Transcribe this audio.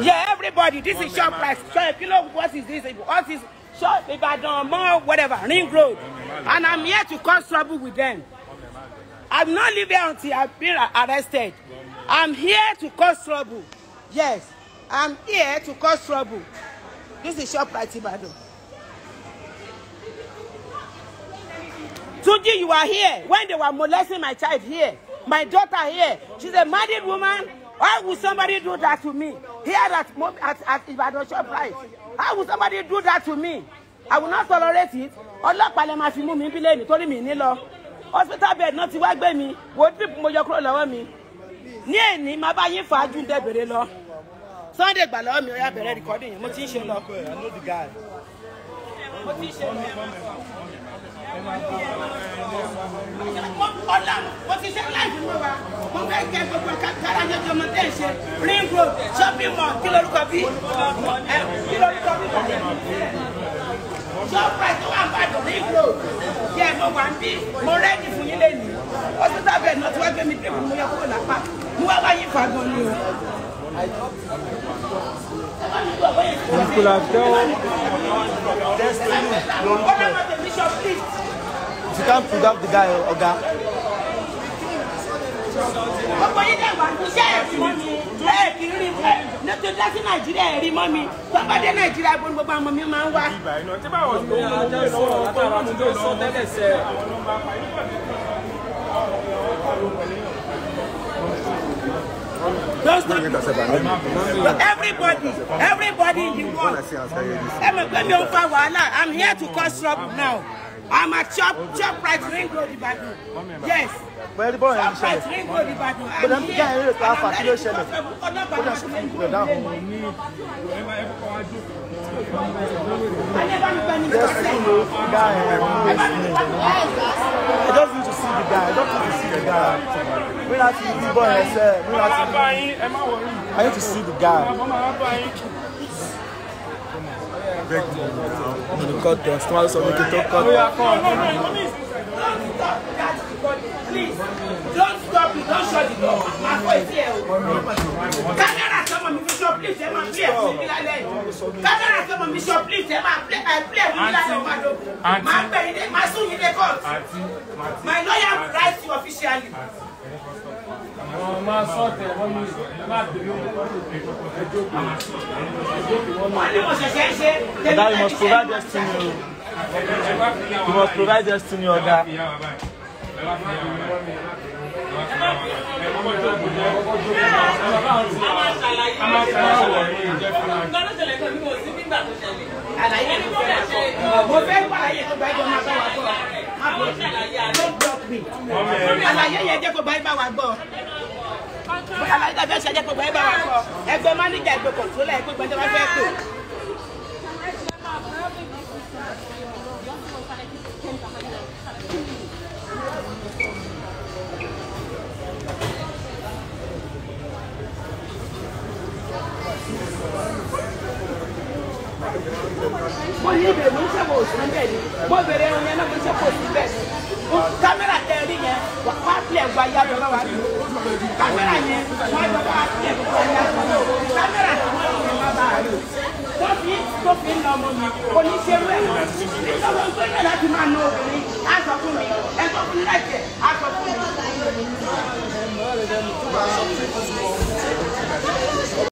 Yeah, everybody, this is shop price. So if you know, what is this? What is shop, don't more, whatever, ring road. And I'm here to cause trouble with them. I'm not leaving until I've been arrested. I'm here to cause trouble. Yes, I'm here to cause trouble. This is shop price, Ibadan. Tunji, you are here when they were molesting my child here, my daughter here. She's a married woman. Why would somebody do that to me? Here at, at, at Ibadan shop price. How would somebody do that to me? I will not tolerate it. Ọlọ́pàá lè máa fi mú mi bílẹ̀ mi torí mi ní lọ. Hospital bed náà ti wá gbé mi. Wo drip mo yọ kúrò lọ́wọ́ mi. Ní èní, màá bá yín fàájú ń dẹ̀bẹ̀rẹ̀ lọ. Sunday gbà lọ́wọ́ mi, ó yá bẹ̀rẹ̀ recording yẹn. Mo ti ń ṣe lọ. Mo ti ń ṣe lọ. Ọlá, mo ti ṣe láìpẹ́ mọ́ wa. Mo fẹ́ kẹ́ gbogbo ẹ̀ka àti ọmọ tẹ́ ẹ̀ ṣe ring road shopping mall kí lorúkọ bí kí lorúkọ bí shoprite tó wà ń bàdàn ring road kí ẹ mọ wà ń bí mo rẹ́ẹ̀dì fún yín lẹ́nu hospital bed náà tí wọ́n gbé mi pé mo yẹ kúrò lápá mo wá wáyé fagbọn ni o. You could have told destiny. you can't pull up the guy, Oga gbogbo yín dẹ̀ wá iṣẹ́ ẹ̀ rí mọ́ mi ẹ̀ kì í rí ẹ̀ nítorí láti nàìjíríà ẹ̀ rí mọ́ mi bàbá nàìjíríà gbogbo ọmọ mi máa ń wá. Everybody, everybody in the world. I'm here to cause trouble now. I'm a Chop Chop Right Ring Road badu. Yes. Pẹ̀lú bọ́ọ̀lù ẹni ṣẹlẹ̀. badu. ẹni jẹ́ ẹ̀rí ètò àfà kí ló ṣẹlẹ̀. Bọ́ọ̀lù ẹni ṣẹlẹ̀ ìgbìyànjú dáhùn. Just you know, guy I just need to see the guy. I don't need to see the guy. Mi na ti bí bọ́ọ̀lù ẹsẹ̀. Mi na ti bí. I need to see the guy beg you now. No, cut the customer so make it talk cut. No, no, no, no, Please, don't stop it, don't shut it off. I'm going to hear you. Kádàrá sọmọ mi bishop, please, ẹ máa play fún mi lálẹ́. Kádàrá sọmọ mi bishop, please, ẹ máa play fún mi lálẹ́. Máa bẹ̀rẹ̀ máa sún yín lẹ́kọ̀ọ́. My lawyer will write officially. Àwọn you must provide this to You must provide this to Àlàyé ni mo pè àlàyé yẹn jẹ́ kó báyìí bá wa gbọ́ àlàyé tàbí ẹ̀ṣẹ̀ jẹ́ kó báyìí bá wa gbọ́ ẹgbẹ́ máníjà ẹgbẹ́ kọ̀ǹtólà ẹgbẹ́ gbọ́dọ̀ wá fẹ́ pè. mo ní ibẹ̀ mo ń sẹ́wọ̀ òsì níbẹ̀ ni mo bẹ̀rẹ̀ ẹ̀rọ yẹn náà mo ń sẹ́wọ̀ òsì níbẹ̀ ni gba yàtọ lọ́wọ́ àti kámẹ́rà yẹn wọn jọ bá tiẹ̀ kó yàtọ lọ́wọ́ kámẹ́rà tí wọn lọ bá bá a lò tó fi tó fi ń lọ ọmọ mi oníṣẹ́rú ẹ̀ lọ́wọ́ nítorí láti máa ná obìnrin á sọ fún mi ẹ̀ tó fi rẹ̀ jẹ̀ á